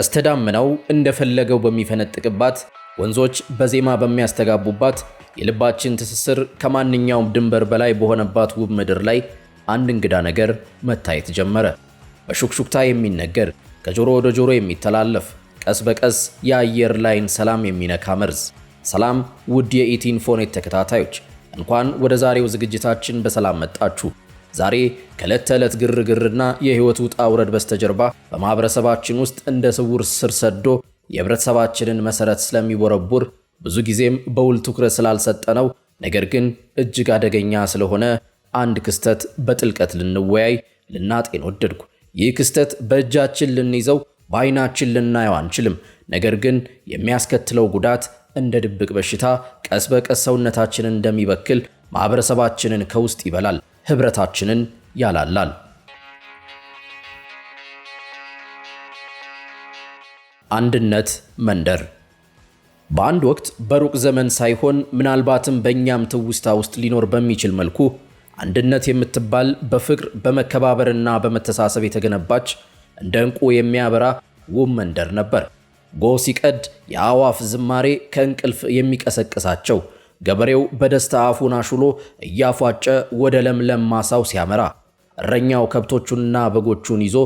ቀስተ ደመናው እንደፈለገው በሚፈነጥቅባት፣ ወንዞች በዜማ በሚያስተጋቡባት፣ የልባችን ትስስር ከማንኛውም ድንበር በላይ በሆነባት ውብ ምድር ላይ አንድ እንግዳ ነገር መታየት ጀመረ። በሹክሹክታ የሚነገር ከጆሮ ወደ ጆሮ የሚተላለፍ ቀስ በቀስ የአየር ላይን ሰላም የሚነካ መርዝ። ሰላም ውድ ፎኔት ተከታታዮች እንኳን ወደ ዛሬው ዝግጅታችን በሰላም መጣችሁ። ዛሬ ከዕለት ተዕለት ግርግርና የህይወት ውጣ ውረድ በስተጀርባ በማህበረሰባችን ውስጥ እንደ ስውር ስር ሰዶ የህብረተሰባችንን መሰረት ስለሚቦረቡር ብዙ ጊዜም በውል ትኩረት ስላልሰጠነው ነገር ግን እጅግ አደገኛ ስለሆነ አንድ ክስተት በጥልቀት ልንወያይ ልናጤን ወደድኩ። ይህ ክስተት በእጃችን ልንይዘው በአይናችን ልናየው አንችልም። ነገር ግን የሚያስከትለው ጉዳት እንደ ድብቅ በሽታ ቀስ በቀስ ሰውነታችንን እንደሚበክል ማህበረሰባችንን ከውስጥ ይበላል። ህብረታችንን ያላላል። አንድነት መንደር በአንድ ወቅት በሩቅ ዘመን ሳይሆን ምናልባትም በእኛም ትውስታ ውስጥ ሊኖር በሚችል መልኩ አንድነት የምትባል በፍቅር በመከባበርና በመተሳሰብ የተገነባች እንደ ዕንቁ የሚያበራ ውብ መንደር ነበር። ጎህ ሲቀድ የአዋፍ ዝማሬ ከእንቅልፍ የሚቀሰቅሳቸው ገበሬው በደስታ አፉን አሹሎ እያፏጨ ወደ ለምለም ማሳው ሲያመራ፣ እረኛው ከብቶቹንና በጎቹን ይዞ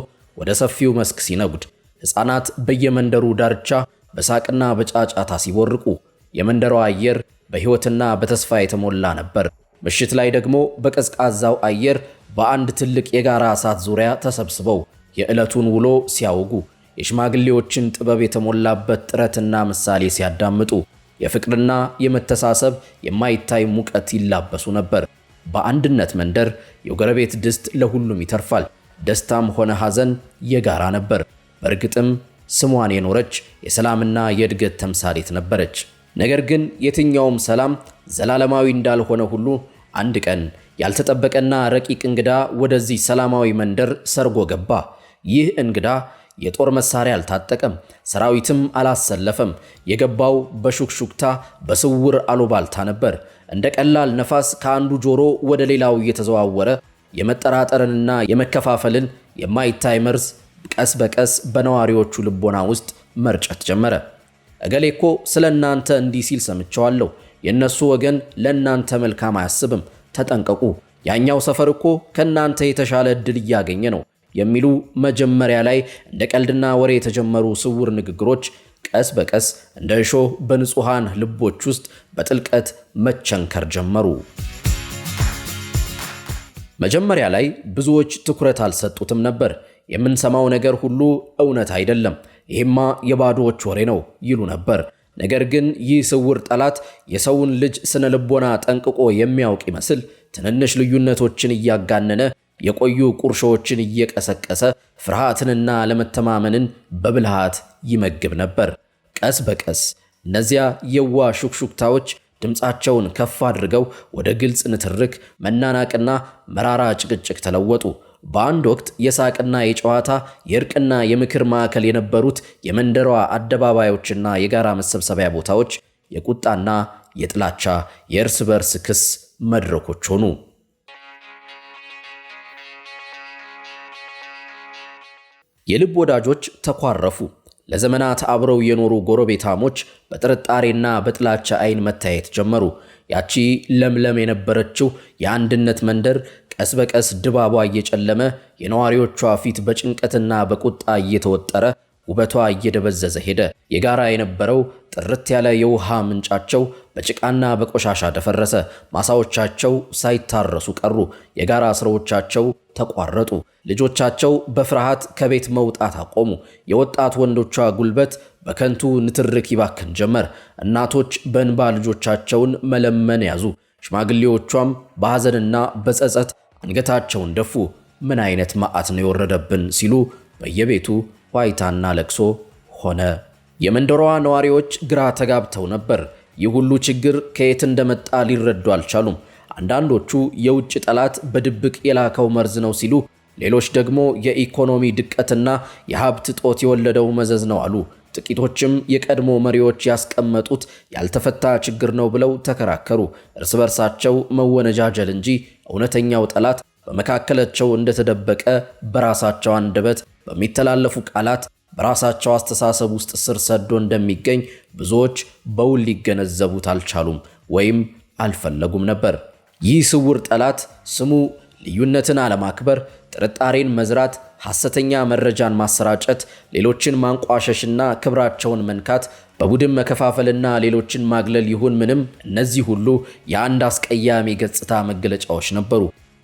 ወደ ሰፊው መስክ ሲነጉድ፣ ሕፃናት በየመንደሩ ዳርቻ በሳቅና በጫጫታ ሲቦርቁ፣ የመንደሯ አየር በሕይወትና በተስፋ የተሞላ ነበር። ምሽት ላይ ደግሞ በቀዝቃዛው አየር በአንድ ትልቅ የጋራ እሳት ዙሪያ ተሰብስበው የዕለቱን ውሎ ሲያውጉ፣ የሽማግሌዎችን ጥበብ የተሞላበት ጥረትና ምሳሌ ሲያዳምጡ የፍቅርና የመተሳሰብ የማይታይ ሙቀት ይላበሱ ነበር። በአንድነት መንደር የጎረቤት ድስት ለሁሉም ይተርፋል። ደስታም ሆነ ሐዘን የጋራ ነበር። በእርግጥም ስሟን የኖረች የሰላምና የእድገት ተምሳሌት ነበረች። ነገር ግን የትኛውም ሰላም ዘላለማዊ እንዳልሆነ ሁሉ አንድ ቀን ያልተጠበቀና ረቂቅ እንግዳ ወደዚህ ሰላማዊ መንደር ሰርጎ ገባ። ይህ እንግዳ የጦር መሳሪያ አልታጠቀም፣ ሰራዊትም አላሰለፈም። የገባው በሹክሹክታ በስውር አሉባልታ ነበር። እንደ ቀላል ነፋስ ከአንዱ ጆሮ ወደ ሌላው እየተዘዋወረ የመጠራጠርንና የመከፋፈልን የማይታይ መርዝ ቀስ በቀስ በነዋሪዎቹ ልቦና ውስጥ መርጨት ጀመረ። እገሌ እኮ ስለ እናንተ እንዲህ ሲል ሰምቸዋለሁ፣ የእነሱ ወገን ለእናንተ መልካም አያስብም፣ ተጠንቀቁ። ያኛው ሰፈር እኮ ከእናንተ የተሻለ ዕድል እያገኘ ነው የሚሉ መጀመሪያ ላይ እንደ ቀልድና ወሬ የተጀመሩ ስውር ንግግሮች ቀስ በቀስ እንደ እሾህ በንጹሐን ልቦች ውስጥ በጥልቀት መቸንከር ጀመሩ። መጀመሪያ ላይ ብዙዎች ትኩረት አልሰጡትም ነበር። የምንሰማው ነገር ሁሉ እውነት አይደለም፣ ይሄማ የባዶዎች ወሬ ነው ይሉ ነበር። ነገር ግን ይህ ስውር ጠላት የሰውን ልጅ ስነ ልቦና ጠንቅቆ የሚያውቅ ይመስል ትንንሽ ልዩነቶችን እያጋነነ የቆዩ ቁርሾዎችን እየቀሰቀሰ ፍርሃትንና አለመተማመንን በብልሃት ይመግብ ነበር። ቀስ በቀስ እነዚያ የዋ ሹክሹክታዎች ድምፃቸውን ከፍ አድርገው ወደ ግልጽ ንትርክ፣ መናናቅና መራራ ጭቅጭቅ ተለወጡ። በአንድ ወቅት የሳቅና የጨዋታ የእርቅና የምክር ማዕከል የነበሩት የመንደሯ አደባባዮችና የጋራ መሰብሰቢያ ቦታዎች የቁጣና የጥላቻ የእርስ በርስ ክስ መድረኮች ሆኑ። የልብ ወዳጆች ተኳረፉ። ለዘመናት አብረው የኖሩ ጎረቤታሞች በጥርጣሬና በጥላቻ ዓይን መታየት ጀመሩ። ያቺ ለምለም የነበረችው የአንድነት መንደር ቀስ በቀስ ድባቧ እየጨለመ፣ የነዋሪዎቿ ፊት በጭንቀትና በቁጣ እየተወጠረ ውበቷ እየደበዘዘ ሄደ። የጋራ የነበረው ጥርት ያለ የውሃ ምንጫቸው በጭቃና በቆሻሻ ደፈረሰ። ማሳዎቻቸው ሳይታረሱ ቀሩ። የጋራ ስራዎቻቸው ተቋረጡ። ልጆቻቸው በፍርሃት ከቤት መውጣት አቆሙ። የወጣት ወንዶቿ ጉልበት በከንቱ ንትርክ ይባክን ጀመር። እናቶች በእንባ ልጆቻቸውን መለመን ያዙ። ሽማግሌዎቿም በሐዘንና በጸጸት አንገታቸውን ደፉ። ምን አይነት መዓት ነው የወረደብን ሲሉ በየቤቱ ዋይታና ለቅሶ ሆነ። የመንደሯ ነዋሪዎች ግራ ተጋብተው ነበር። ይህ ሁሉ ችግር ከየት እንደመጣ ሊረዱ አልቻሉም። አንዳንዶቹ የውጭ ጠላት በድብቅ የላከው መርዝ ነው ሲሉ፣ ሌሎች ደግሞ የኢኮኖሚ ድቀትና የሀብት ጦት የወለደው መዘዝ ነው አሉ። ጥቂቶችም የቀድሞ መሪዎች ያስቀመጡት ያልተፈታ ችግር ነው ብለው ተከራከሩ። እርስ በርሳቸው መወነጃጀል እንጂ እውነተኛው ጠላት በመካከላቸው እንደተደበቀ በራሳቸው አንደበት በሚተላለፉ ቃላት በራሳቸው አስተሳሰብ ውስጥ ስር ሰዶ እንደሚገኝ ብዙዎች በውል ሊገነዘቡት አልቻሉም ወይም አልፈለጉም ነበር። ይህ ስውር ጠላት ስሙ ልዩነትን አለማክበር፣ ጥርጣሬን መዝራት፣ ሐሰተኛ መረጃን ማሰራጨት፣ ሌሎችን ማንቋሸሽና ክብራቸውን መንካት፣ በቡድን መከፋፈልና ሌሎችን ማግለል ይሁን ምንም፣ እነዚህ ሁሉ የአንድ አስቀያሚ ገጽታ መገለጫዎች ነበሩ።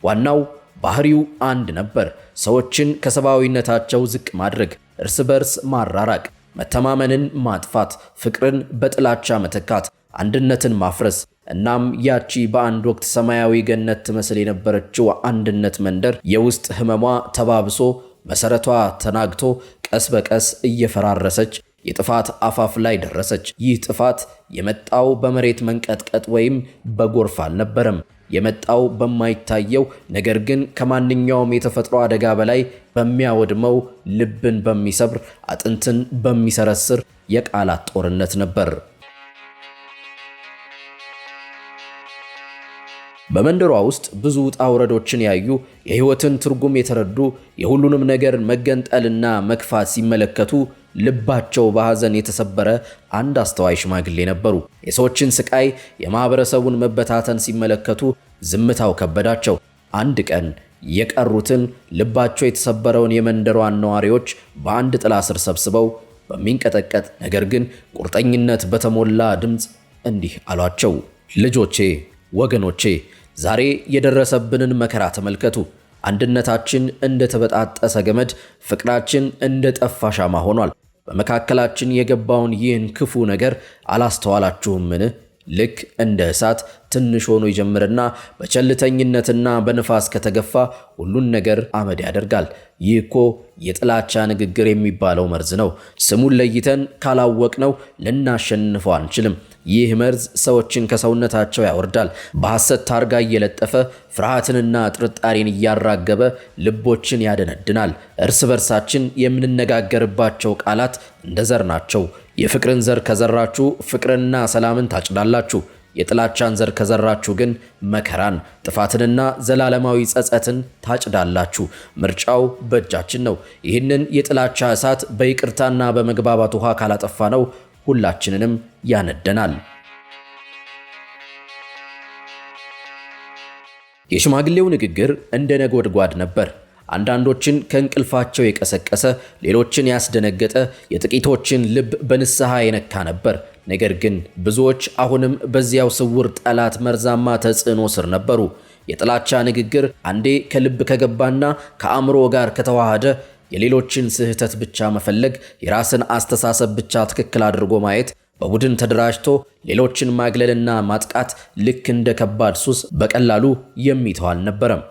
ዋናው ባህሪው አንድ ነበር፤ ሰዎችን ከሰብአዊነታቸው ዝቅ ማድረግ። እርስ በርስ ማራራቅ፣ መተማመንን ማጥፋት፣ ፍቅርን በጥላቻ መተካት፣ አንድነትን ማፍረስ እናም ያቺ በአንድ ወቅት ሰማያዊ ገነት ትመስል የነበረችው አንድነት መንደር የውስጥ ህመሟ ተባብሶ መሰረቷ ተናግቶ ቀስ በቀስ እየፈራረሰች የጥፋት አፋፍ ላይ ደረሰች። ይህ ጥፋት የመጣው በመሬት መንቀጥቀጥ ወይም በጎርፍ አልነበረም። የመጣው በማይታየው ነገር ግን ከማንኛውም የተፈጥሮ አደጋ በላይ በሚያወድመው ልብን በሚሰብር አጥንትን በሚሰረስር የቃላት ጦርነት ነበር። በመንደሯ ውስጥ ብዙ ውጣ ውረዶችን ያዩ የህይወትን ትርጉም የተረዱ የሁሉንም ነገር መገንጠልና መክፋት ሲመለከቱ ልባቸው በሐዘን የተሰበረ አንድ አስተዋይ ሽማግሌ ነበሩ። የሰዎችን ስቃይ፣ የማኅበረሰቡን መበታተን ሲመለከቱ ዝምታው ከበዳቸው። አንድ ቀን የቀሩትን ልባቸው የተሰበረውን የመንደሯን ነዋሪዎች በአንድ ጥላ ስር ሰብስበው በሚንቀጠቀጥ ነገር ግን ቁርጠኝነት በተሞላ ድምፅ እንዲህ አሏቸው። ልጆቼ፣ ወገኖቼ ዛሬ የደረሰብንን መከራ ተመልከቱ። አንድነታችን እንደ ተበጣጠሰ ገመድ፣ ፍቅራችን እንደ ጠፋ ሻማ ሆኗል። በመካከላችን የገባውን ይህን ክፉ ነገር አላስተዋላችሁምን? ልክ እንደ እሳት ትንሽ ሆኖ ይጀምርና በቸልተኝነትና በንፋስ ከተገፋ ሁሉን ነገር አመድ ያደርጋል። ይህ እኮ የጥላቻ ንግግር የሚባለው መርዝ ነው። ስሙን ለይተን ካላወቅነው ልናሸንፈው አንችልም። ይህ መርዝ ሰዎችን ከሰውነታቸው ያወርዳል። በሐሰት ታርጋ እየለጠፈ ፍርሃትንና ጥርጣሬን እያራገበ ልቦችን ያደነድናል። እርስ በርሳችን የምንነጋገርባቸው ቃላት እንደ ዘር ናቸው። የፍቅርን ዘር ከዘራችሁ ፍቅርንና ሰላምን ታጭዳላችሁ። የጥላቻን ዘር ከዘራችሁ ግን መከራን፣ ጥፋትንና ዘላለማዊ ጸጸትን ታጭዳላችሁ። ምርጫው በእጃችን ነው። ይህንን የጥላቻ እሳት በይቅርታና በመግባባት ውሃ ካላጠፋ ነው ሁላችንንም ያነደናል። የሽማግሌው ንግግር እንደ ነጎድጓድ ነበር። አንዳንዶችን ከእንቅልፋቸው የቀሰቀሰ፣ ሌሎችን ያስደነገጠ፣ የጥቂቶችን ልብ በንስሐ የነካ ነበር። ነገር ግን ብዙዎች አሁንም በዚያው ስውር ጠላት መርዛማ ተጽዕኖ ስር ነበሩ። የጥላቻ ንግግር አንዴ ከልብ ከገባና ከአእምሮ ጋር ከተዋሃደ የሌሎችን ስህተት ብቻ መፈለግ፣ የራስን አስተሳሰብ ብቻ ትክክል አድርጎ ማየት፣ በቡድን ተደራጅቶ ሌሎችን ማግለልና ማጥቃት ልክ እንደ ከባድ ሱስ በቀላሉ የሚተው አልነበረም።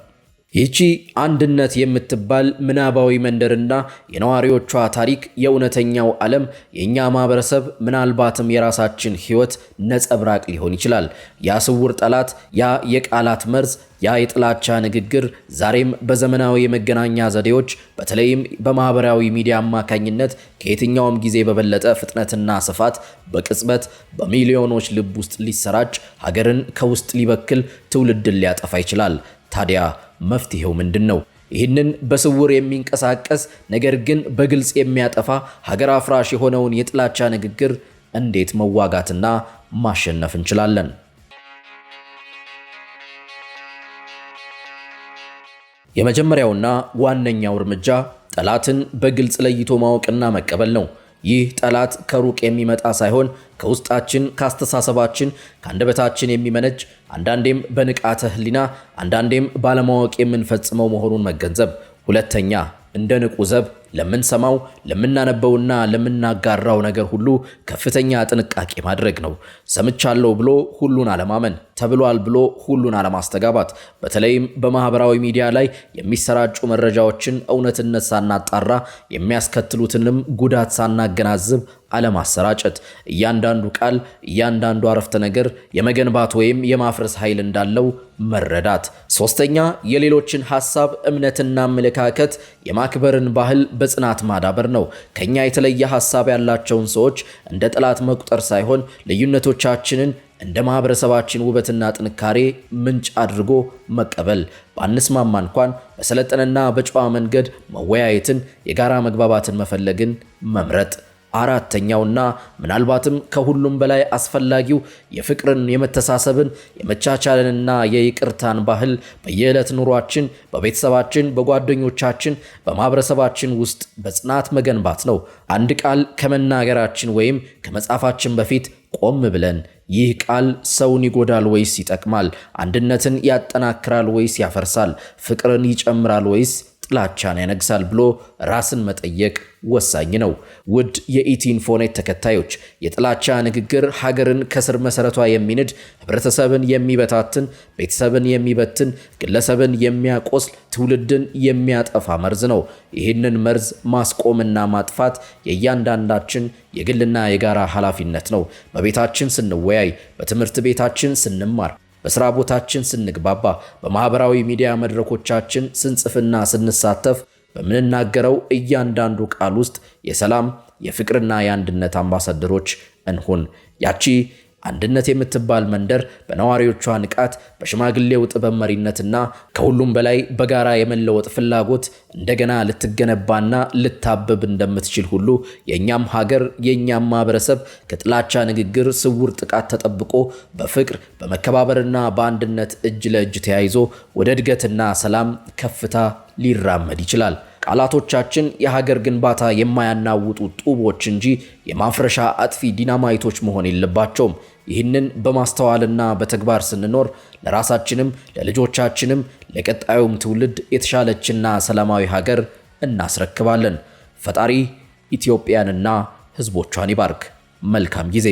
ይህቺ አንድነት የምትባል ምናባዊ መንደርና የነዋሪዎቿ ታሪክ የእውነተኛው ዓለም የእኛ ማህበረሰብ ምናልባትም የራሳችን ሕይወት ነጸብራቅ ሊሆን ይችላል። ያ ስውር ጠላት፣ ያ የቃላት መርዝ፣ ያ የጥላቻ ንግግር ዛሬም በዘመናዊ የመገናኛ ዘዴዎች በተለይም በማህበራዊ ሚዲያ አማካኝነት ከየትኛውም ጊዜ በበለጠ ፍጥነትና ስፋት በቅጽበት በሚሊዮኖች ልብ ውስጥ ሊሰራጭ፣ ሀገርን ከውስጥ ሊበክል፣ ትውልድን ሊያጠፋ ይችላል። ታዲያ መፍትሄው ምንድን ነው? ይህንን በስውር የሚንቀሳቀስ ነገር ግን በግልጽ የሚያጠፋ ሀገር አፍራሽ የሆነውን የጥላቻ ንግግር እንዴት መዋጋትና ማሸነፍ እንችላለን? የመጀመሪያውና ዋነኛው እርምጃ ጠላትን በግልጽ ለይቶ ማወቅና መቀበል ነው። ይህ ጠላት ከሩቅ የሚመጣ ሳይሆን ከውስጣችን፣ ካስተሳሰባችን፣ ከአንደበታችን የሚመነጭ አንዳንዴም በንቃተ ህሊና አንዳንዴም ባለማወቅ የምንፈጽመው መሆኑን መገንዘብ። ሁለተኛ እንደ ንቁ ዘብ ለምንሰማው ለምናነበውና ለምናጋራው ነገር ሁሉ ከፍተኛ ጥንቃቄ ማድረግ ነው። ሰምቻለሁ ብሎ ሁሉን አለማመን፣ ተብሏል ብሎ ሁሉን አለማስተጋባት፣ በተለይም በማህበራዊ ሚዲያ ላይ የሚሰራጩ መረጃዎችን እውነትነት ሳናጣራ የሚያስከትሉትንም ጉዳት ሳናገናዝብ አለማሰራጨት እያንዳንዱ ቃል እያንዳንዱ አረፍተ ነገር የመገንባት ወይም የማፍረስ ኃይል እንዳለው መረዳት። ሶስተኛ የሌሎችን ሀሳብ እምነትና አመለካከት የማክበርን ባህል በጽናት ማዳበር ነው። ከኛ የተለየ ሀሳብ ያላቸውን ሰዎች እንደ ጠላት መቁጠር ሳይሆን ልዩነቶቻችንን እንደ ማህበረሰባችን ውበትና ጥንካሬ ምንጭ አድርጎ መቀበል፣ ባንስማማ እንኳን በሰለጠነና በጨዋ መንገድ መወያየትን፣ የጋራ መግባባትን መፈለግን መምረጥ አራተኛውና ምናልባትም ከሁሉም በላይ አስፈላጊው የፍቅርን፣ የመተሳሰብን፣ የመቻቻልንና የይቅርታን ባህል በየዕለት ኑሯችን፣ በቤተሰባችን፣ በጓደኞቻችን፣ በማህበረሰባችን ውስጥ በጽናት መገንባት ነው። አንድ ቃል ከመናገራችን ወይም ከመጻፋችን በፊት ቆም ብለን ይህ ቃል ሰውን ይጎዳል ወይስ ይጠቅማል? አንድነትን ያጠናክራል ወይስ ያፈርሳል? ፍቅርን ይጨምራል ወይስ ጥላቻን ያነግሳል ብሎ ራስን መጠየቅ ወሳኝ ነው። ውድ የኢቲንፎኔት ተከታዮች የጥላቻ ንግግር ሀገርን ከስር መሰረቷ የሚንድ፣ ህብረተሰብን የሚበታትን፣ ቤተሰብን የሚበትን፣ ግለሰብን የሚያቆስል፣ ትውልድን የሚያጠፋ መርዝ ነው። ይህንን መርዝ ማስቆምና ማጥፋት የእያንዳንዳችን የግልና የጋራ ኃላፊነት ነው። በቤታችን ስንወያይ፣ በትምህርት ቤታችን ስንማር፣ በስራ ቦታችን ስንግባባ፣ በማህበራዊ ሚዲያ መድረኮቻችን ስንጽፍና ስንሳተፍ በምንናገረው እያንዳንዱ ቃል ውስጥ የሰላም የፍቅርና የአንድነት አምባሳደሮች እንሁን። ያቺ አንድነት የምትባል መንደር በነዋሪዎቿ ንቃት፣ በሽማግሌው ጥበብ መሪነትና ከሁሉም በላይ በጋራ የመለወጥ ፍላጎት እንደገና ልትገነባና ልታብብ እንደምትችል ሁሉ የእኛም ሀገር የእኛም ማህበረሰብ ከጥላቻ ንግግር፣ ስውር ጥቃት ተጠብቆ በፍቅር በመከባበርና በአንድነት እጅ ለእጅ ተያይዞ ወደ እድገትና ሰላም ከፍታ ሊራመድ ይችላል። ቃላቶቻችን የሀገር ግንባታ የማያናውጡ ጡቦች እንጂ የማፍረሻ አጥፊ ዲናማይቶች መሆን የለባቸውም። ይህንን በማስተዋልና በተግባር ስንኖር ለራሳችንም ለልጆቻችንም ለቀጣዩም ትውልድ የተሻለችና ሰላማዊ ሀገር እናስረክባለን። ፈጣሪ ኢትዮጵያንና ሕዝቦቿን ይባርክ። መልካም ጊዜ